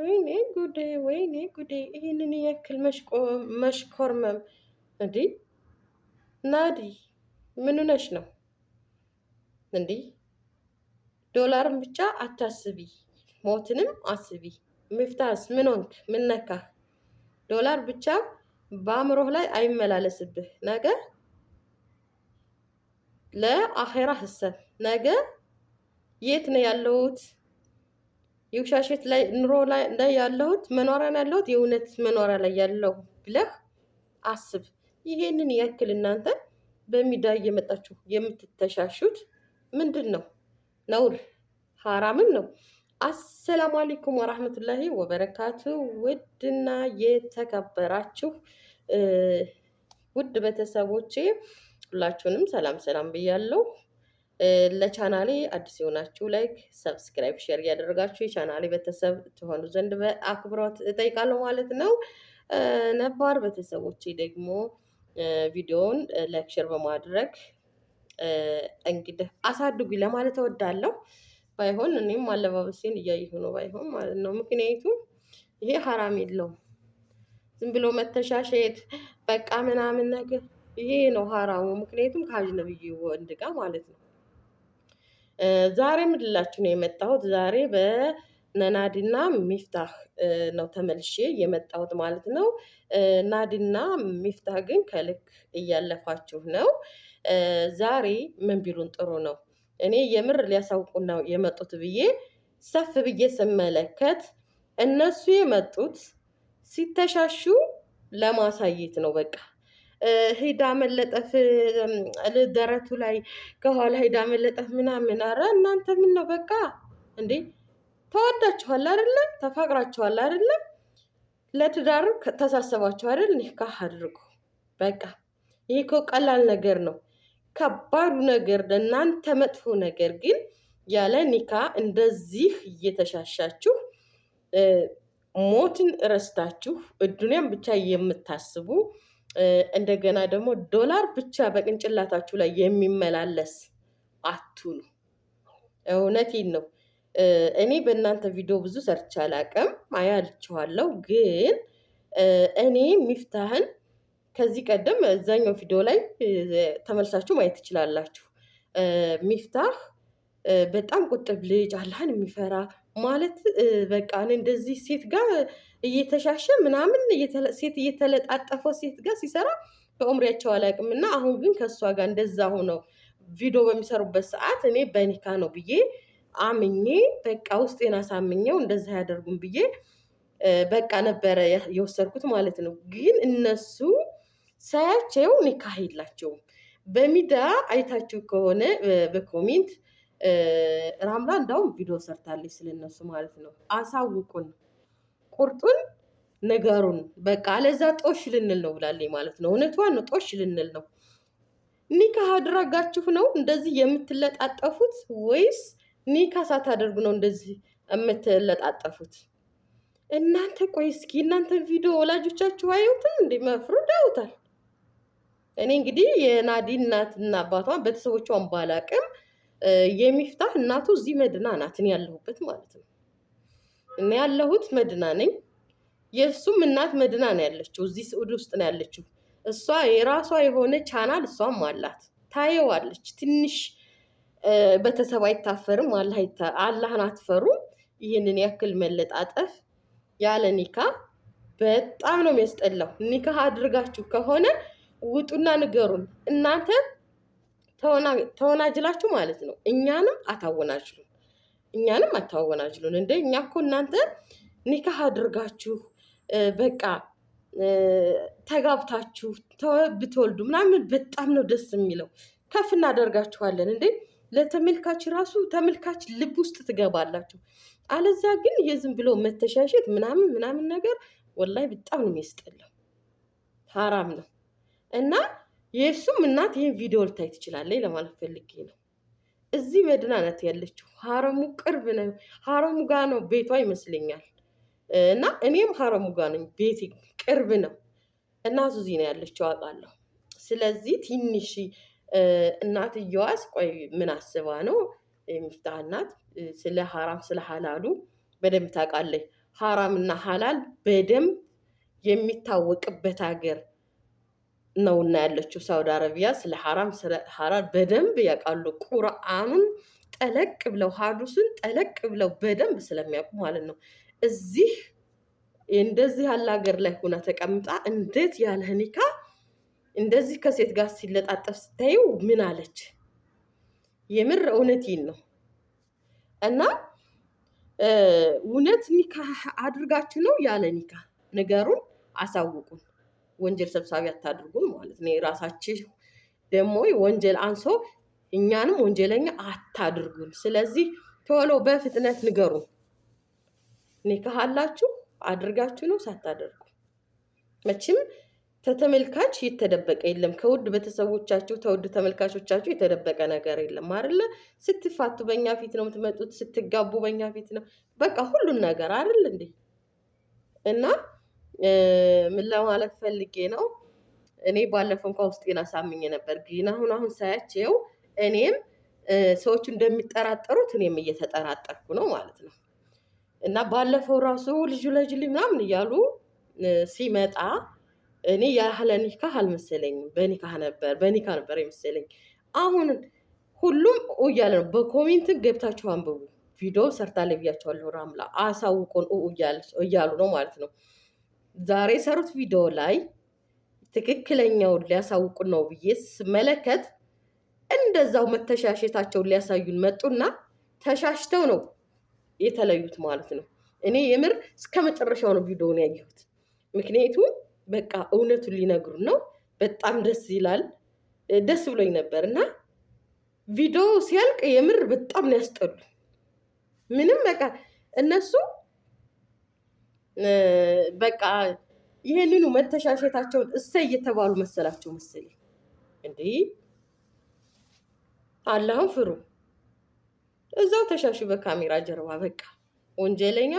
ወይኔ ጉዴ፣ ወይኔ ጉዴ! ይህንን ያክል መሽኮርመም እንዲህ ናዲ ምን ነሽ ነው እንዲህ? ዶላርን ብቻ አታስቢ፣ ሞትንም አስቢ። ምፍታስ ምን ሆንክ? ምን ዶላር ብቻ በአእምሮህ ላይ አይመላለስብህ። ነገ ለአኼራ ህሰብ ነገ የት ነው ያለሁት የውሻሸት ላይ ኑሮ ላይ ያለሁት መኖሪያን ያለሁት የእውነት መኖሪያ ላይ ያለው ብለህ አስብ። ይሄንን ያክል እናንተ በሚዳ እየመጣችሁ የምትተሻሹት ምንድን ነው? ነውር ሀራምን ነው። አሰላሙ አለይኩም ወራህመቱላሂ ወበረካቱ። ውድና የተከበራችሁ ውድ ቤተሰቦቼ ሁላችሁንም ሰላም ሰላም ብያለሁ። ለቻናሌ አዲስ የሆናችሁ ላይክ፣ ሰብስክራይብ፣ ሼር እያደረጋችሁ የቻናሌ ቤተሰብ ትሆኑ ዘንድ በአክብሮት እጠይቃለሁ ማለት ነው። ነባር ቤተሰቦቼ ደግሞ ቪዲዮውን ላይክ፣ ሼር በማድረግ እንግዲህ አሳድጉ ለማለት እወዳለሁ። ባይሆን እኔም አለባበሴን እያየሁ ነው፣ ባይሆን ማለት ነው። ምክንያቱም ይሄ ሀራም የለውም ዝም ብሎ መተሻሸት በቃ ምናምን ነገር ይሄ ነው ሀራሙ። ምክንያቱም ከአጅነብይ ወንድ ጋር ማለት ነው ዛሬ ምድላችሁ ነው የመጣሁት። ዛሬ በነናዲና ሚፍታህ ነው ተመልሼ የመጣሁት ማለት ነው። ናዲና ሚፍታህ ግን ከልክ እያለፋችሁ ነው። ዛሬ ምን ቢሉን ጥሩ ነው። እኔ የምር ሊያሳውቁና ነው የመጡት ብዬ ሰፍ ብዬ ስመለከት እነሱ የመጡት ሲተሻሹ ለማሳየት ነው በቃ ሄዳ መለጠፍ ደረቱ ላይ ከኋላ ሄዳ መለጠፍ ምናምን። ኧረ እናንተ ምን ነው በቃ እንዴ! ተወዳችኋል አይደለም? ተፋቅራችኋል አይደለም? ለትዳር ተሳሰባችሁ አይደል? ኒካህ አድርጎ በቃ ይህ እኮ ቀላል ነገር ነው። ከባዱ ነገር ለእናንተ መጥፎ ነገር ግን ያለ ኒካ እንደዚህ እየተሻሻችሁ ሞትን እረስታችሁ እዱንያም ብቻ የምታስቡ እንደገና ደግሞ ዶላር ብቻ በቅንጭላታችሁ ላይ የሚመላለስ አትሁኑ። እውነቴን ነው። እኔ በእናንተ ቪዲዮ ብዙ ሰርች አላቅም፣ አያልችኋለሁ። ግን እኔ ሚፍታህን ከዚህ ቀደም እዛኛው ቪዲዮ ላይ ተመልሳችሁ ማየት ትችላላችሁ። ሚፍታህ በጣም ቁጥብ ልጅ፣ አላህን የሚፈራ ማለት በቃ እንደዚህ ሴት ጋር እየተሻሸ ምናምን ሴት እየተለጣጠፈው ሴት ጋር ሲሰራ በኡምሪያቸው አላውቅም። እና አሁን ግን ከእሷ ጋር እንደዛ ሆነው ቪዲዮ በሚሰሩበት ሰዓት እኔ በኒካ ነው ብዬ አምኜ በቃ ውስጤን አሳምኘው እንደዛ ያደርጉም ብዬ በቃ ነበረ የወሰድኩት ማለት ነው። ግን እነሱ ሳያቸው ኒካህ የላቸውም። በሚዳ አይታችሁ ከሆነ በኮሜንት ራምላ እንዳውም ቪዲዮ ሰርታለች ስለነሱ ማለት ነው። አሳውቁን፣ ቁርጡን ነገሩን በቃ አለዛ ጦሽ ልንል ነው ብላለች ማለት ነው። እውነቷን ነው፣ ጦሽ ልንል ነው። ኒካ አድራጋችሁ ነው እንደዚህ የምትለጣጠፉት ወይስ ኒካ ሳታደርጉ ነው እንደዚህ የምትለጣጠፉት? እናንተ ቆይ እስኪ እናንተ ቪዲዮ ወላጆቻችሁ አየውትን እንዲመፍሩ ዳውታል። እኔ እንግዲህ የናዲ እና አባቷን ቤተሰቦቿን ባላቅም የሚፍታህ እናቱ እዚህ መድና ናት፣ እኔ ያለሁበት ማለት ነው። እኔ ያለሁት መድና ነኝ። የእሱም እናት መድና ነው ያለችው፣ እዚህ ስዑድ ውስጥ ነው ያለችው። እሷ የራሷ የሆነ ቻናል እሷም አላት፣ ታየዋለች። ትንሽ በተሰብ አይታፈርም። አላህን አትፈሩም። ይህንን ያክል መለጣጠፍ ያለ ኒካ በጣም ነው የሚያስጠላው። ኒካህ አድርጋችሁ ከሆነ ውጡና ንገሩን እናንተ ተወናጅላችሁ ማለት ነው። እኛንም አታወናጅሉን፣ እኛንም አታወናጅሉን። እንደ እኛ እኮ እናንተ ኒካህ አድርጋችሁ በቃ ተጋብታችሁ ብትወልዱ ምናምን በጣም ነው ደስ የሚለው። ከፍ እናደርጋችኋለን እንዴ ለተመልካች ራሱ ተመልካች ልብ ውስጥ ትገባላችሁ። አለዛ ግን የዝም ብሎ መተሻሸት ምናምን ምናምን ነገር ወላይ በጣም ነው የሚያስጠላው፣ ሀራም ነው እና የእሱም እናት ይህን ቪዲዮ ልታይ ትችላለች ለማለት ፈልጌ ነው። እዚህ መድናነት ያለችው። ሀረሙ ቅርብ ነው። ሀረሙ ጋ ነው ቤቷ ይመስለኛል። እና እኔም ሀረሙ ጋ ነኝ፣ ቤቴ ቅርብ ነው። እናቱ እዚህ ነው ያለችው አውቃለሁ። ስለዚህ ትንሽ እናትየዋ ቆይ ምን አስባ ነው የሚፍታህ እናት ስለ ሀራም ስለ ሀላሉ በደንብ ታውቃለች። ሀራም እና ሀላል በደንብ የሚታወቅበት ሀገር ነውና ያለችው ሳውዲ አረቢያ ስለ ሀራም ስለ ሀራር በደንብ ያውቃሉ። ቁርአኑን ጠለቅ ብለው ሀዱስን ጠለቅ ብለው በደንብ ስለሚያውቁ ማለት ነው። እዚህ እንደዚህ ያለ ሀገር ላይ ሆና ተቀምጣ እንዴት ያለ ኒካ እንደዚህ ከሴት ጋር ሲለጣጠፍ ስታዩ ምን አለች? የምር እውነት እውነቴን ነው እና እውነት ኒካ አድርጋችሁ ነው ያለ ኒካ ንገሩን፣ አሳውቁን። ወንጀል ሰብሳቢ አታድርጉም ማለት ነው። የራሳችን ደግሞ ወንጀል አንሶ እኛንም ወንጀለኛ አታድርጉን። ስለዚህ ቶሎ በፍጥነት ንገሩ። ኒካህ አላችሁ አድርጋችሁ ነው ሳታደርጉ። መቼም ተተመልካች የተደበቀ የለም። ከውድ ቤተሰቦቻችሁ ተውድ ተመልካቾቻችሁ የተደበቀ ነገር የለም አይደለ? ስትፋቱ በእኛ ፊት ነው የምትመጡት፣ ስትጋቡ በእኛ ፊት ነው። በቃ ሁሉን ነገር አይደል እንዴ እና ምን ለማለት ፈልጌ ነው፣ እኔ ባለፈው እንኳ ውስጤን አሳምኜ ነበር፣ ግን አሁን አሁን ሳያቸው እኔም ሰዎቹ እንደሚጠራጠሩት እኔም እየተጠራጠርኩ ነው ማለት ነው። እና ባለፈው ራሱ ልጁ ለጅልኝ ምናምን እያሉ ሲመጣ እኔ ያህለ ኒካህ አልመሰለኝም፣ በኒካህ ነበር በኒካ ነበር የመሰለኝ። አሁን ሁሉም እያለ ነው። በኮሜንት ገብታችሁ አንብቡ። ቪዲዮ ሰርታ ለብያቸዋለሁ። ራምላ አሳውቆን እያሉ ነው ማለት ነው። ዛሬ የሰሩት ቪዲዮ ላይ ትክክለኛውን ሊያሳውቁ ነው ብዬ ስመለከት እንደዛው መተሻሸታቸውን ሊያሳዩን መጡና ተሻሽተው ነው የተለዩት ማለት ነው። እኔ የምር እስከ መጨረሻው ነው ቪዲዮውን ያየሁት። ምክንያቱም በቃ እውነቱን ሊነግሩን ነው። በጣም ደስ ይላል። ደስ ብሎኝ ነበር እና ቪዲዮ ሲያልቅ የምር በጣም ነው ያስጠሉ። ምንም በቃ እነሱ በቃ ይህንኑ መተሻሸታቸውን እሰይ እየተባሉ መሰላቸው መሰለኝ። እንዲህ አላህን ፍሩ። እዛው ተሻሹ በካሜራ ጀርባ በቃ ወንጀለኛ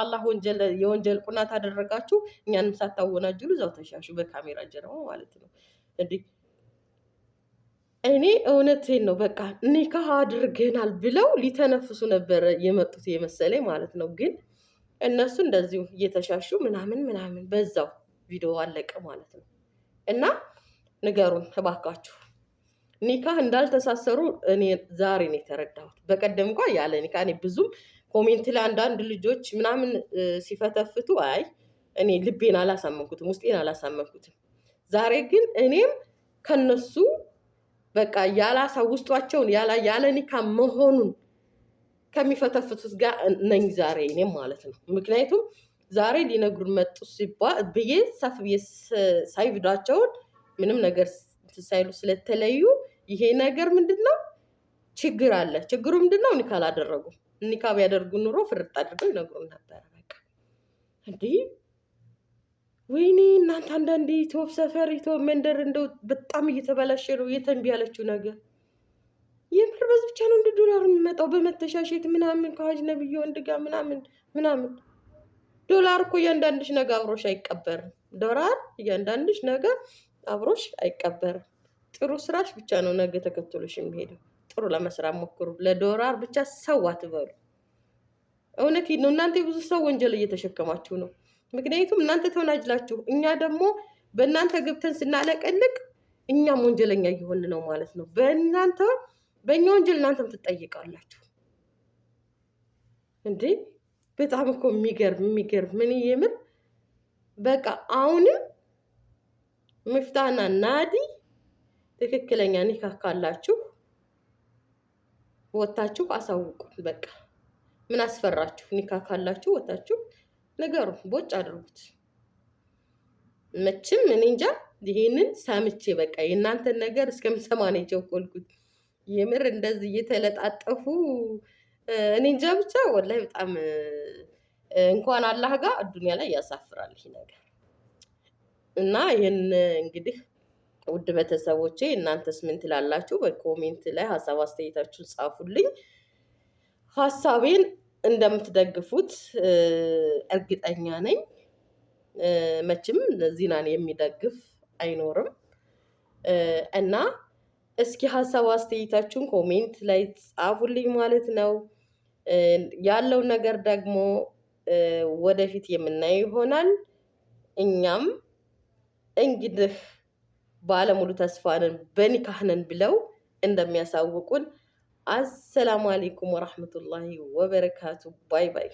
አላህ ወንጀል የወንጀል ቁናት አደረጋችሁ እኛንም ሳታወናጅሉ እዛው ተሻሹ በካሜራ ጀርባ ማለት ነው። እንዲህ እኔ እውነቴን ነው በቃ ኒካህ አድርገናል ብለው ሊተነፍሱ ነበረ የመጡት የመሰለኝ ማለት ነው ግን እነሱ እንደዚሁ እየተሻሹ ምናምን ምናምን በዛው ቪዲዮ አለቀ ማለት ነው። እና ንገሩን እባካችሁ ኒካህ እንዳልተሳሰሩ እኔ ዛሬ ነው የተረዳሁት። በቀደም እንኳ ያለ ኒካ እኔ ብዙም ኮሜንት ላይ አንዳንድ ልጆች ምናምን ሲፈተፍቱ አይ እኔ ልቤን አላሳመንኩትም፣ ውስጤን አላሳመንኩትም። ዛሬ ግን እኔም ከነሱ በቃ ያላሳ ውስጧቸውን ያለ ኒካ መሆኑን ከሚፈተፍቱት ጋር ነኝ ዛሬ እኔም ማለት ነው። ምክንያቱም ዛሬ ሊነግሩን መጡ ሲባል ብዬ ሳፍ ብዬ ሳይቪዳቸውን ምንም ነገር ሳይሉ ስለተለዩ ይሄ ነገር ምንድን ነው ችግር አለ። ችግሩ ምንድን ነው? ኒካ አላደረጉም። ኒካ ቢያደርጉ ኑሮ ፍርጥ አድርገው ይነግሩን ነበረ። በቃ እንዲህ ወይኔ እናንተ አንዳንዴ ኢትዮፕ ሰፈር ኢትዮፕ መንደር እንደው በጣም እየተበላሸ ነው እየተንቢ ያለችው ነገር የመርበዝ ብቻ ነው እንደ ዶላር የሚመጣው በመተሻሸት ምናምን ከአጅነብዬ ወንድ ጋር ምናምን ምናምን። ዶላር እኮ እያንዳንድሽ ነገ አብሮሽ አይቀበርም። ዶላር እያንዳንድሽ ነገ አብሮሽ አይቀበርም። ጥሩ ስራሽ ብቻ ነው ነገ ተከትሎሽ የሚሄደው። ጥሩ ለመስራት ሞክሩ። ለዶላር ብቻ ሰው አትበሉ። እውነት ነው። እናንተ የብዙ ሰው ወንጀል እየተሸከማችሁ ነው። ምክንያቱም እናንተ ተወናጅላችሁ፣ እኛ ደግሞ በእናንተ ገብተን ስናለቀልቅ እኛም ወንጀለኛ እየሆን ነው ማለት ነው በእናንተ በእኛ ወንጀል እናንተም ትጠይቃላችሁ እንዴ! በጣም እኮ የሚገርም የሚገርም ምን የምር በቃ አሁንም ምፍታና ናዲ ትክክለኛ ኒካ ካላችሁ ወታችሁ አሳውቁ በቃ ምን አስፈራችሁ? ኒካ ካላችሁ ወታችሁ ነገሩ ቦጭ አድርጉት። መቼም እኔ እንጃ ይህንን ሰምቼ በቃ የእናንተን ነገር እስከምሰማ ነው የቸኮልኩት። የምር እንደዚህ እየተለጣጠፉ እኔ እንጃ ብቻ ወላሂ በጣም እንኳን አላህ ጋር አዱኒያ ላይ ያሳፍራል ይህ ነገር እና ይህን እንግዲህ ውድ ቤተሰቦቼ እናንተስ ምን ትላላችሁ? በኮሜንት ላይ ሀሳብ አስተያየታችሁን ጻፉልኝ። ሀሳቤን እንደምትደግፉት እርግጠኛ ነኝ። መቼም ዚናን የሚደግፍ አይኖርም እና እስኪ ሀሳብ አስተያየታችሁን ኮሜንት ላይ ጻፉልኝ ማለት ነው። ያለው ነገር ደግሞ ወደፊት የምናየው ይሆናል። እኛም እንግዲህ ባለሙሉ ተስፋንን በኒካህነን ብለው እንደሚያሳውቁን። አሰላሙ አሌይኩም ወራህመቱላሂ ወበረካቱ። ባይ ባይ።